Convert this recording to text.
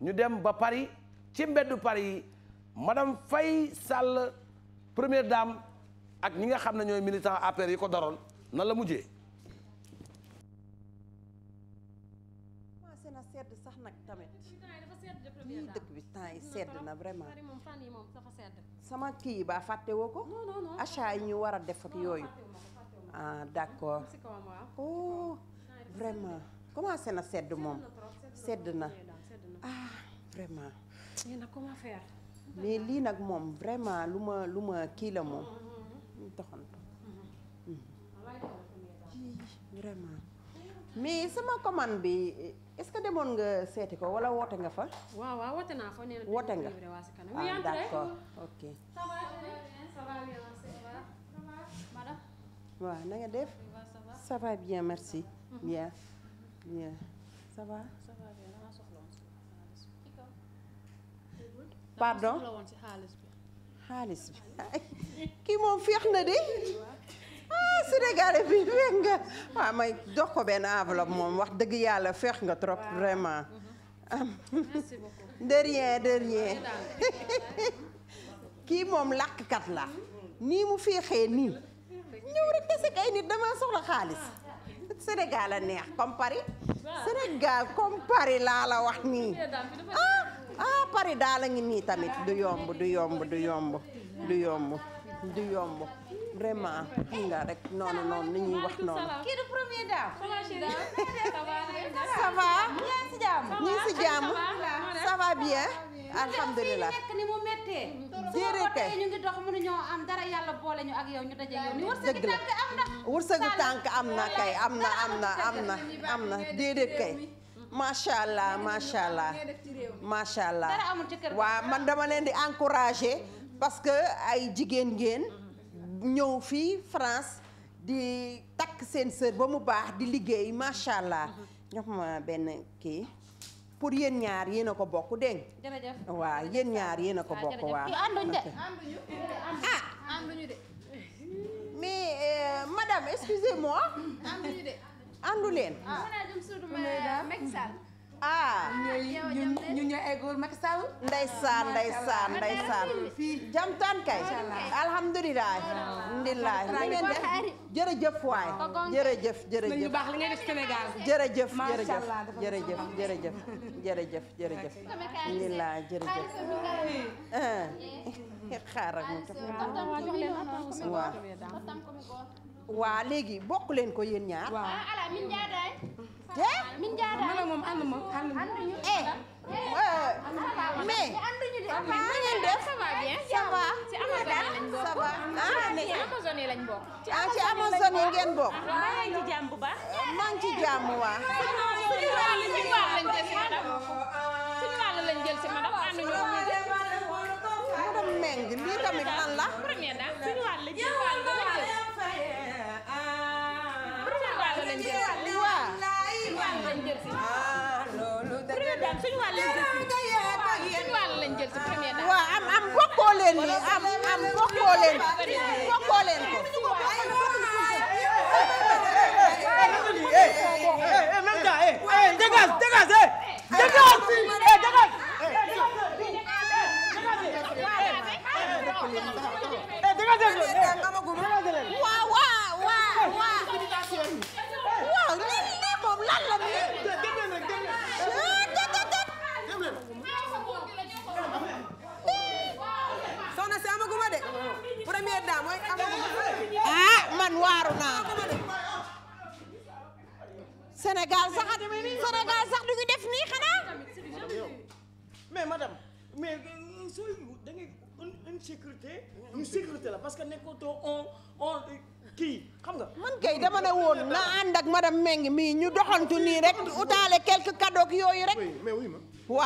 ñu dem ba Paris ci mbeddu Paris yi madame fay Sall première dame ak ñi nga xam ne ñooy militant appaire yi ko daroon nan la mujjee. commencé na sedd sax nag tamit lii dëkk bi temps yi sedd na vraiment sama kii yi ba fàtte woo ko achat yi ñu war a def ak yooyu ah d'accord oh vraiment commencé na sedd moom sedd na. ah vraiment. mais koma comment faire. mais lii nag moom vraiment lu ma lu ma kii la moom. doxantu. vraiment. mais sama commande bi est-ce que demoon nga seeti ko walla woote nga fa. waaw waaw woote naa fa na woote nga ah d'accord ok. ça va ça va def. ça bien merci. Mhm. bien bien ça pardon xaalis bi kii moom féex na de ah Sénégalais bi féex nga waaw may jox ko benn enveloppe moom wax dëgg yàlla féex nga trop vraiment de rien de rien kii moom làkkat la nii mu féexee nii ñëw rek te sek nit dama soxla xaalis Sénégal a neex comme Paris Sénégal comme Paris laa la wax nii ah Paris daal a ngi nii tamit du yomb du yomb du yomb du yomb du yomb vraiment kii nga rek noonu noonu ni wax noonu. du premier daaw. ñu ngi si bien. alhamdulilah nekk ni mu méttee. jërëjëf ñu ngi dox mënuñoo am dara yàlla boole ñu ak yow ñu daje yow. dëgg la wërsëgu tànk am na kay am na am na am na am na déedéet kay. macha allah macha allah macha allah waaw man dama leen di encourager parce que ay jigéen ngeen ñëw fii France di takk seen sër ba mu baax di liggéey macha allah ñox mm-hmm. ma benn kii pour yéen ñaar yéen a ko bokk dégg jërëjëf waaw ñaar yéen a ko ah, bokk waaw ah! mais euh, madame excusez-moi àndu leen ah. Macky Sall. ah ñun ñun ñoo eggul Macky Sall. ndeysaan ndeysaan ndeysaan. jamtaan kay. alhamdulilah. alhamdulilah li ngeen def jërëjëf waay. jërëjëf jërëjëf. lu baax li ngeen def Sénégal. jërëjëf jërëjëf jërëjëf jërëjëf jërëjëf jërëjëf. alhamdulilah jërëjëf. xaaral ma jox leen waaw. waaw léegi bokk leen ko yéen ñaar. min jaada man ak moom ànd ma ànd ma eh mais na ngeen def ça va ça va ça va ah, ah mais ah ci Amazone yi ngeen bokk maa ngi ci bu baax maa ngi ci jàmm waa suñu si madam suñu lañ jël si madam ànd ñu madam Meng lii tamit leen nii am am bokkoo leen bokkoo leen ko. dégage dégage dégage dégage raw naa Sénégal sax Sénégal sax du ñu def nii xanaa. mais madame mais euh, sooy da la parce que nekkatoo on on kii xam nga. man kay dama ne woon na ànd ak madame Meng mii ñu doxantu nii rek utaale quelques cadeaux ak yooyu rek. oui